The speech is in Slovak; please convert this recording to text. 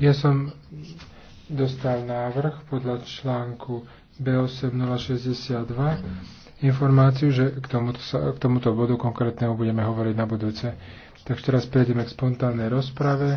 Ja som dostal návrh podľa článku B8062 informáciu, že k tomuto, k tomuto bodu konkrétnemu budeme hovoriť na budúce. Takže teraz prejdeme k spontánnej rozprave.